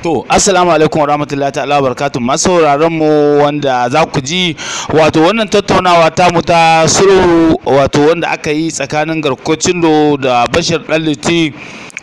To, assalamu alaikum warahmatullahi ta'ala barakatuh masu sauraron mu wanda za ku ji wato wannan tattaunawa ta mu ta suru wato wanda aka yi tsakanin garkocin da Bashir Ɗanliti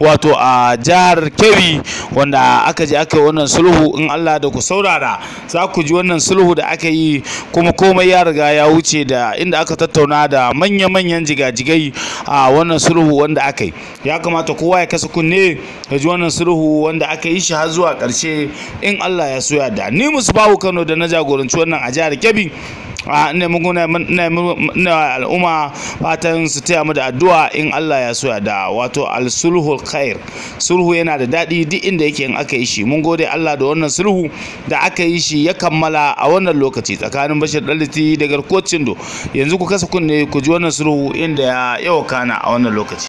wato a jihar Kebbi wanda aka je aka yi wannan sulhu in Allah da ku saurara za ku ji wannan sulhu da aka yi kuma komai ya riga ya wuce da inda aka tattauna da manya-manyan jigajigai a wannan sulhu wanda aka yi ya kamata kowa ya kasa kunne ya ji wannan sulhu wanda aka yi shi har zuwa ƙarshe in Allah ya soya da ni musu bawu Kano da na jagoranci wannan a jihar Kebbi ne mun al'umma fatan su taya mu da addu'a in Allah ya so ya da wato al-sulhu khair sulhu yana da daɗi duk inda yake in aka yi shi mun gode Allah da wannan sulhu da aka yi shi ya kammala a wannan lokaci tsakanin Bashir Daliti da garkocin do yanzu ku kasa kunne ku ji wannan sulhu inda ya kana a wannan lokaci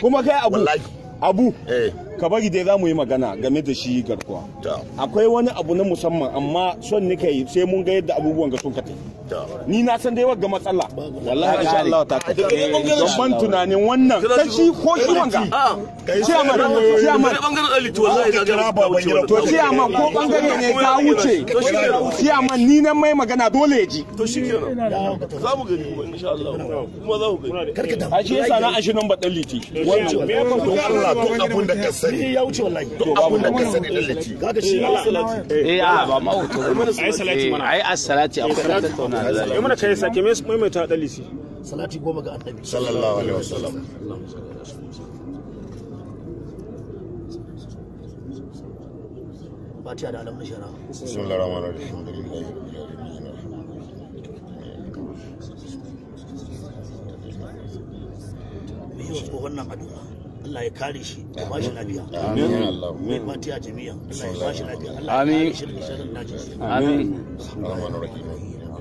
kuma kai abu abu eh. ka bari dai za mu yi magana game da shi garkuwa akwai wani abu na musamman amma son nika yi sai mun ga yadda abubuwan ga sun ka ni na san dai wagga matsala wallahi insha Allah ta ban tunanin wannan ta shi ko shi wanga chairman ah. bangaren wuce ni nan mai magana dole ji to shi za mu gani insha Allah a da ka sani ya wuce ka sani dan liti kaga shi eh, a ba ma wuce ai salati mana eh, ai as-salati yi mana kai sake salati goma ga annabi sallallahu alaihi wasallam da alamun shara bismillahir rahmanir rahim alhamdulillahi rabbil alamin yi addu'a Allah ya kare shi ya ba shi lafiya amin Allah mai jami'a Allah ya ba shi lafiya Allah ya kare shi amin rahmanir rahim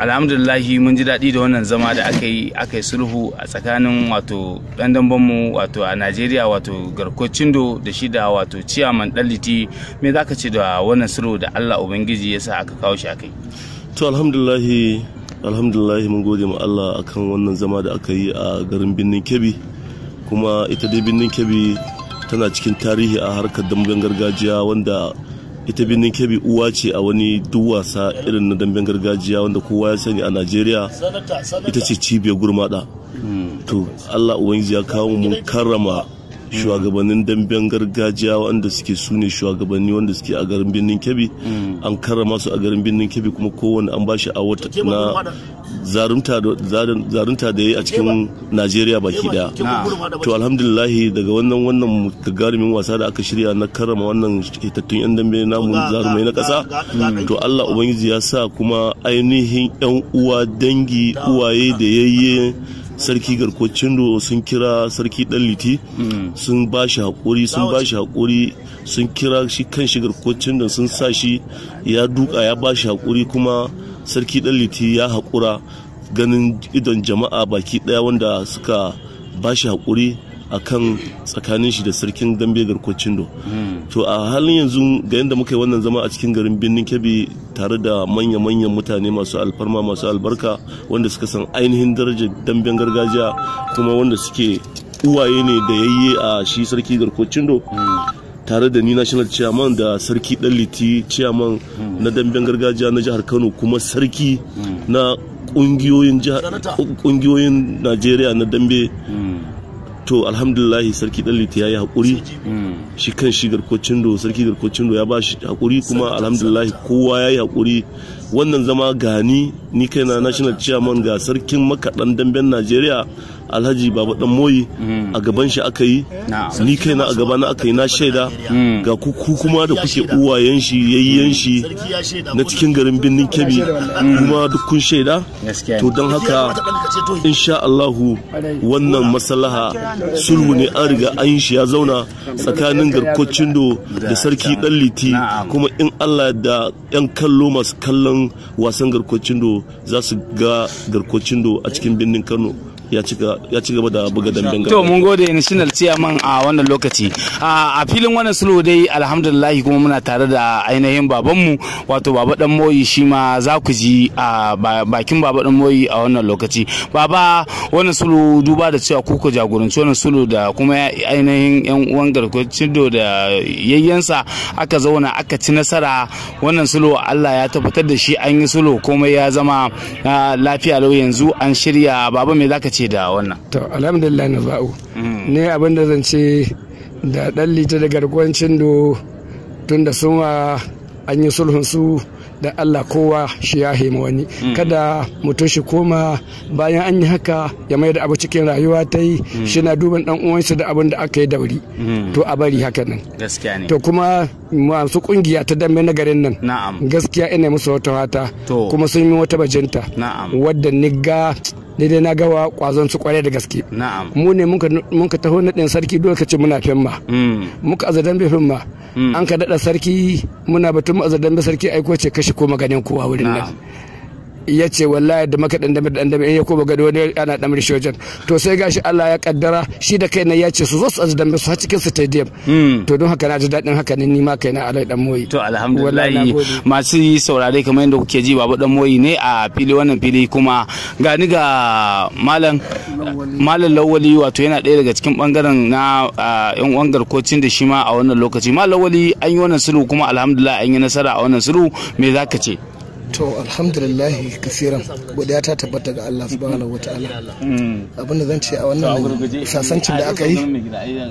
alhamdulillahi mun ji daɗi da wannan zama da aka yi aka yi sulhu a tsakanin wato ɗan dambanmu wato a najeriya wato garko cindo da shi da wato ciyaman ɗaliti me za ka ce da wannan sulhu da allah ubangiji ya sa aka kawo shi aka yi to alhamdulillahi alhamdulillahi mun gode ma allah akan wannan zama da aka yi a garin birnin kebbi kuma ita dai birnin kebbi tana cikin tarihi a harkar damben gargajiya wanda ita birnin kebbi uwa ce a wani duk wasa irin na damben gargajiya wanda kowa ya sani a najeriya ita ce cibiyar gurmada to allah ubangiji ya kawo mu karrama shugabannin damben gargajiya wanda suke su ne shugabanni wanda suke a garin birnin kebbi an karrama su a garin birnin kebbi kuma kowane an bashi a wata na zarunta da ya a cikin najeriya baki daya to alhamdulillahi daga wannan wannan gagarumin wasa da aka shirya na karrama wannan hitattun yan dambe namun zarumai na kasa to allah ubangiji ya sa kuma ainihin yan uwa dangi uwaye da yayye sarki garkocin do sun kira sarki dan liti mm. sun ba shi haƙuri sun ba shi haƙuri sun kira shi kan shi garkocin da sun sa shi ya duka ya ba shi haƙuri kuma sarki ɗanliti ya haƙura ganin idon jama'a baki ɗaya wanda suka ba shi haƙuri a kan tsakanin shi da sarkin dambe garkocin do to a halin yanzu ga yadda muka yi wannan zama a cikin garin birnin kebbi tare da manya-manyan mutane masu alfarma masu albarka wanda suka san ainihin darajar damben gargajiya kuma wanda suke uwaye ne da yayye a shi sarki garkocin do tare da ni national chairman da sarki dan liti chairman hmm. na damben gargajiya na jihar kano kuma sarki hmm. na kungiyoyin najeriya na dambe hmm. to alhamdulillahi sarki dan liti yi hakuri shi kan shi garkocin do sarki garkocin do ya ba shi hakuri kuma alhamdulillahi kowa ya yi hakuri wannan zama gani ni kaina national chairman ga sarkin makadan damben najeriya alhaji baba dan moyi mm. a gaban shi aka yi ni kaina a gabana aka yi na shaida mm. ga ku kuma da kuke uwayen shi yayyen shi na cikin garin birnin kebbi mm. kuma duk kun shaida to don haka insha Allahu wannan maslaha sulhu ne an riga an shi ya zauna tsakanin garkocin do da sarki dan liti kuma in Allah da yan kallo masu kallon wasan garkocin do za su ga garkocin do a cikin birnin Kano ya ci gaba da buga damben to mun gode national chairman a wannan lokaci a filin wannan sulhu dai alhamdulillah kuma muna tare da ainihin babanmu wato baba dan moyi shi ma za ku ji a bakin baba dan moyi a wannan lokaci baba wannan sulhu duba da cewa kuka jagoranci wannan sulhu da kuma ainihin yan uwan garkuwar da yayyansa aka zauna aka ci nasara wannan sulhu Allah ya tabbatar da shi an yi sulhu komai ya zama lafiya lau yanzu an shirya baba me zaka ci ce da wannan to alhamdulillah na ba'u mm. ne abin da zan ce da dan lita da garkuwan cindo tun da sunwa an yi sulhun su da Allah kowa shi ya hema wani mm. kada mutum shi koma bayan an yi haka ya mai da abu cikin rayuwa ta yi mm. shi na duban dan uwansa da abin da aka yi dauri to a bari haka nan gaskiya ne to kuma masu kungiya ta dambe na garin nan gaskiya ina musu wata wata kuma sun yi wata bajinta wadda niga Daidai dai na gawa kwazon su kwarai da gaske mu ne mun ka taho naɗin sarki dole ka ce muna femma mm. muka azadan bai fimma mm. an ka daɗa sarki muna batun mu azadan bai sarki aiko ce kashi ko maganin kowa wurin nan ya ce wallahi da maka dan damir dan damir in ya koma gado wani ana damir shi wajen to sai gashi Allah ya kaddara shi da kai ya ce su zo su aji su ha cikin stadium hmm. to don haka na ji dadin haka ne ni ma kai na alai dan moyi to alhamdulillah masu saurare kamar yanda kuke ji babu dan moyi ne a fili wannan fili kuma gani ga malam malam lawali wato yana daya daga cikin bangaren na yan wangar kocin da shi ma a wannan lokaci malam lawali an yi wannan sulhu kuma alhamdulillah an yi nasara a wannan sulhu me zaka ce to alhamdulillahi kasiran godiya ta tabbata ga Allah subhanahu wataala abinda zan ce a wannan sasancin da aka yi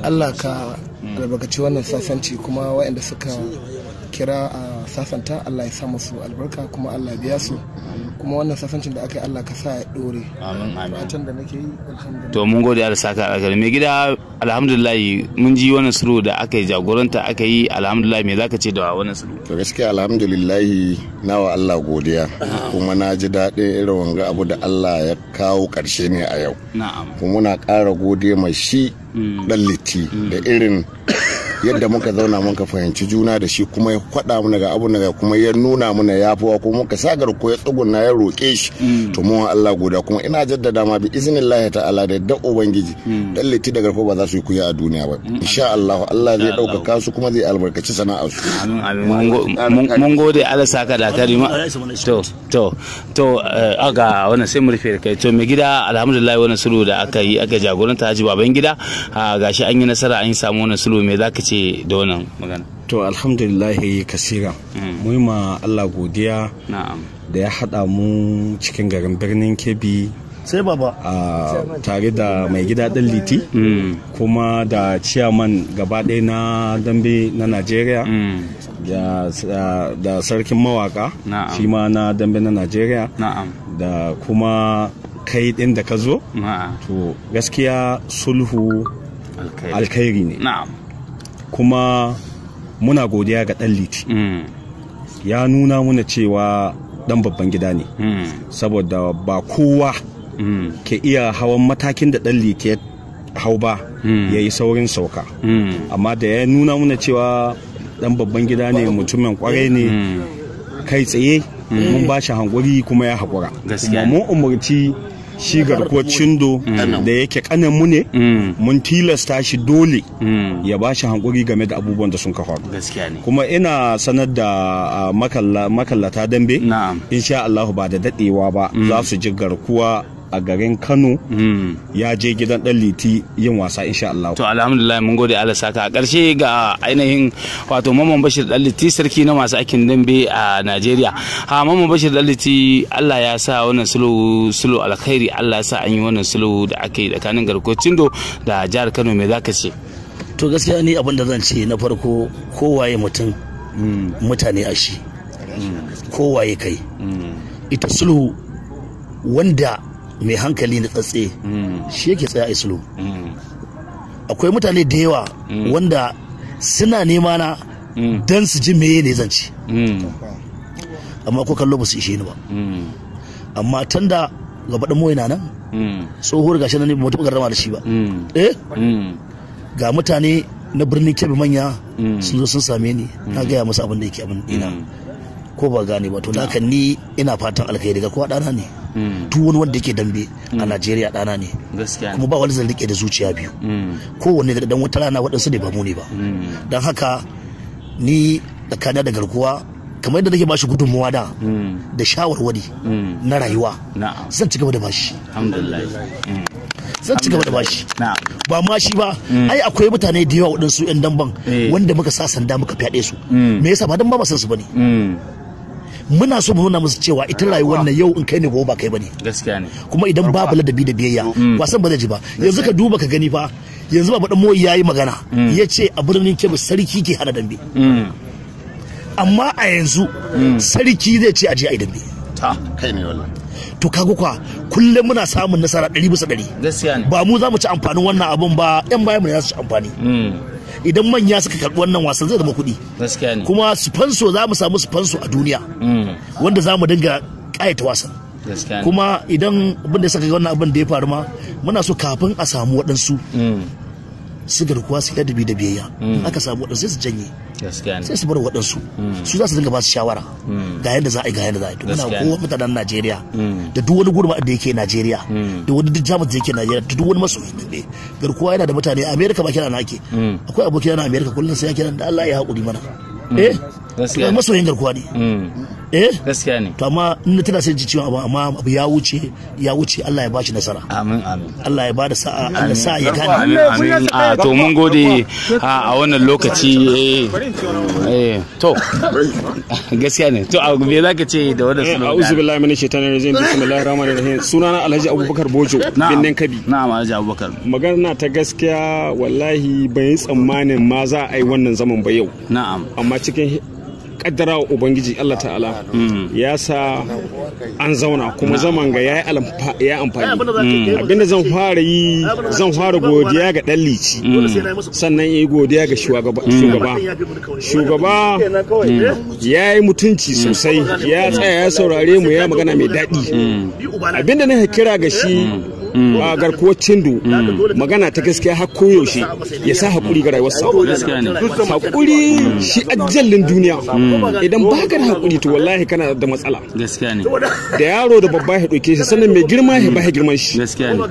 Allah ka albarkaci wannan sasanci kuma waɗanda suka kira a sasanta Allah ya samu su albarka kuma Allah biya su kuma wannan sasancin da aka yi Allah ka sa ya dore amin amin da nake yi to mun gode da saka alkhairi mai gida alhamdulillah mun ji wannan suru da aka yi jagoranta aka yi alhamdulillah me zaka ce da wannan suru to gaskiya alhamdulillah nawa Allah godiya kuma na ji daɗin irin wanga abu da Allah ya kawo ƙarshe ne a yau na'am kuma muna ƙara gode ma shi dan mm. litti da irin yadda muka zauna muka fahimci juna da shi kuma ya kwada mana ga abun da kuma ya nuna mana ya fi kuma muka sagar ko ya tsuguna ya roƙe shi mm. to mu Allah guda kuma ina jaddada ma bi iznillahi ta'ala da mm. da ubangiji dan liti da ko ba za su yi kuya a duniya ba mm. insha Allah Allah zai dauka su kuma zai albarkaci sana'ar su mun gode ala saka da ma to to to eh, aga wannan sai mu rufe kai to me gida alhamdulillah wannan sulu da aka yi aka jagoranta Haji Babangida ah, gashi an yi nasara an yi samu wannan sulu me zaka ce da wannan magana to alhamdulillahi kasira mm. mu ma Allah godiya da ya haɗa mu cikin garin birnin Kebbi sai baba tare da mai gida ɗin liti mm. kuma da ciyaman gaba ɗaya na dambe na Najeriya mm. da sarkin mawaka shi ma na dambe na Najeriya da kuma kai ɗin da ka zo to gaskiya sulhu alkhairi ne kuma muna godiya ga ɗan liti mm. ya nuna muna cewa ɗan babban gida ne mm. saboda ba kowa mm. ke iya hawan matakin da ɗan liti ya hau ba ya yi saurin sauka amma da ya nuna muna cewa ɗan babban gida ne mutumin kwarai ne kai tsaye mun ba shi hankuri kuma ya haƙura mu umarci. shi garkuwar cindo da yake kanan mu ne mun tilasta shi dole ya ba shi hankuri game da abubuwan da sun kafa. kuma ina sanar da makallata dambe insha Allah ba da dadewa ba za su ji garkuwa a garin Kano hmm. ya je gidan dan liti yin wasa insha Allah to alhamdulillah mun gode Allah saka a karshe ga ainihin wato Mamman Bashir dan liti sarki na masu aikin dambe a Najeriya ha Mamman Bashir dan liti Allah ya sa wannan sulu sulu alkhairi Allah ya sa an yi wannan sulhu da aka yi tsakanin garkocin do da jihar Kano me zaka ce to gaskiya ni abin da zan ce na farko kowaye mutum hmm. mutane a shi hmm. kowaye kai ita sulhu wanda mai hankali na tsatse shi yake tsaya islo akwai mutane da yawa wanda suna nema na don su ji meye ne zance amma ko kallo ba su ishe ni ba amma da gaba dan moyi na nan tsohuwar gashi nan ba mutum gardama da shi ba eh ga mutane na birnin kebe manya sun zo sun same ni na gaya musu abin da yake abin ina ko ba gane ba to da ni ina fatan alkhairi ga kowa ɗana ne Mm. duk wani wanda yake dambe a mm. Najeriya dana ne kuma ba wani zan rike da zuciya biyu mm. ko wanne da dan wata rana waɗansu ne ba mu ne ba dan haka ni tsakanin da garkuwa kamar yadda nake bashi gudunmuwa da da shawarwari na rayuwa zan ci gaba da bashi zan ci gaba da bashi ba ma shi ba ai akwai mutane da yawa waɗansu 'yan damban eh. wanda muka sa sanda muka fyaɗe su me yasa ba dan ba ba san su bane muna so mu nuna musu cewa ita rayuwar nan yau in kai ne gobe ba kai bane gaskiya ne kuma idan babu ladabi da biyayya mm. wasan ba zai ji ba yanzu ka duba ka gani fa yanzu baba dan moyi yayi magana mm. yace a birnin ke sarki ke hana dambe mm. amma a yanzu sarki zai ce a a yi dambe ta kai ne wallahi to kaga kwa kullum muna samun nasara 100 bisa 100 gaskiya ne ba mu za mu ci amfanin wannan abun ba yan bayan mu ne za su ci amfani idan manya suka karɓi wannan wasan zai zama kuɗi kuma sponsor za mu samu sponsor a duniya mm. wanda za mu dinga ƙayata wasan kuma idan abin da suka ga wannan abin da ya faru ma muna so kafin a samu waɗansu mm. su garkuwa su yi da biyayya mm. aka samu waɗansu sai su janye sai su bar waɗansu hmm. su za su dinga ba su shawara hmm. ga yadda za a yi ga yadda za a yi to muna kowa mutanen Najeriya hmm. da duk wani gurba da yake Najeriya da wani duk jamus da yake Najeriya da duk wani masoyi ne garkuwa yana da mutane Amerika ba kira na ake akwai abokina na Amerika kullum sai ya kira da Allah ya haƙuri mana eh masoyin garkuwa ne eh gaskiya ne to amma in na tana sai ji ciwon abu amma abu ya wuce ya wuce Allah ya bashi nasara amin amin Allah ya bada sa'a Allah sa ya gane amin amin a ah, to mun gode ah, a wannan lokaci eh eh to gaskiya ne to me zaka ce da wannan eh, sunan a'udhu billahi minash shaitanir rajim bismillahir rahmanir rahim sunana Alhaji Abubakar Bojo binnin Kabi na'am Alhaji Abubakar magana ta gaskiya wallahi ban yi tsammanin ma za a yi wannan zaman ba yau na'am amma cikin kaddara wa ubangiji Allah ta'ala ya sa an zauna kuma zaman ga ya yi amfani abinda mm. zan fara yi zan fara godiya ga dalici mm. sannan sannan yi godiya ga shugaba mm. shugaba eh? ya yi mutunci sosai ya tsaya ya saurare mu ya magana mai daɗi abinda na kira ga shi Mm. garkuwar cindu. Mm. magana ta gaskiya har koyaushe ya sa hakuri ga rayuwarsa hakuri shi mm. ajallin duniya idan ba ka da hakuri to wallahi kana da matsala da yaro da babba ya ɗauke shi sannan mai girma ya ba girman shi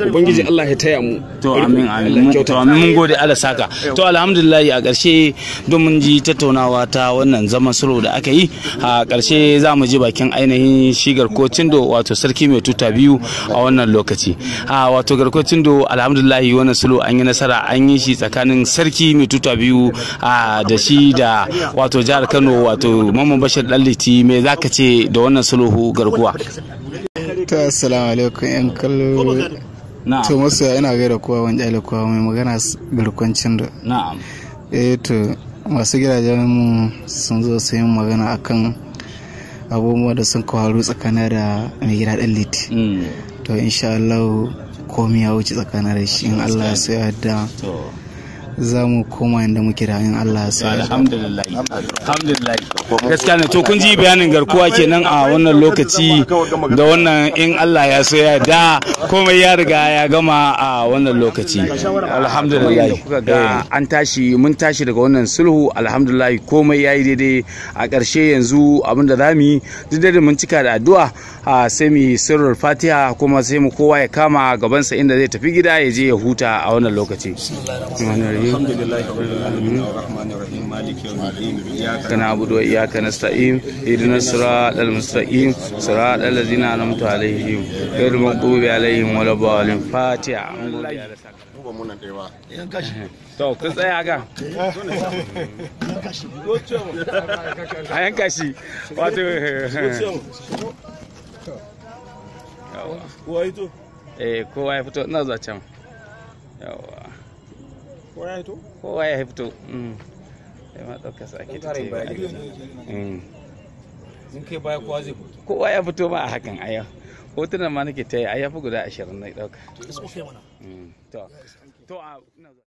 ubangiji Allah ya taya mu to amin amin to amin mun gode Allah saka to alhamdulillah a ƙarshe don mun ji tattaunawa ta wannan zaman sulhu da aka yi a ƙarshe za mu ji bakin ainihin shigar kocin da wato sarki mai tuta biyu a wannan lokaci a wato garkuwar cindo alhamdulillahi wannan sulu an yi nasara an yi shi tsakanin sarki mai tuta biyu a da shi da wato jihar kano wato mamman bashir ɗanliti me za ka ce da wannan sulhu garkuwa ta assalamu alaikum yan kallo to masu ina gaida kowa wani jale kowa mai magana garkuwar cindo na'am eh to masu gidajen mu sun zo su yi magana akan abubuwa da sun kawaru tsakanin da mai gida ɗan liti mm. to insha Allah komai ya wuce tsakanin da shi in Allah ya so ya za mu koma inda muke rayun in Allah ya sa alhamdulillah alhamdulillah gaskiya ne to kun ji bayanin garkuwa kenan a wannan lokaci da wannan in Allah ya so ya da komai ya riga ya gama a wannan lokaci alhamdulillah eh. ga an tashi mun tashi daga wannan sulhu alhamdulillah komai yayi daidai a ƙarshe yanzu abinda zamu yi duk da mun cika da addu'a sai mu sirrul fatiha kuma sai mu kowa ya kama gabansa inda zai tafi gida ya je ya huta a wannan lokaci alhamdulillahirrahmanirrahim to kun tsaya a yanka eh, ya fito ina kowa ya fito kowa ya fito mm. sai ma ɗauka su ake ta sun mm. kai baya kowa zai fito kowa ya fito ba a hakan a yau hotunan ma nake ta yi a yafi guda ashirin na ɗauka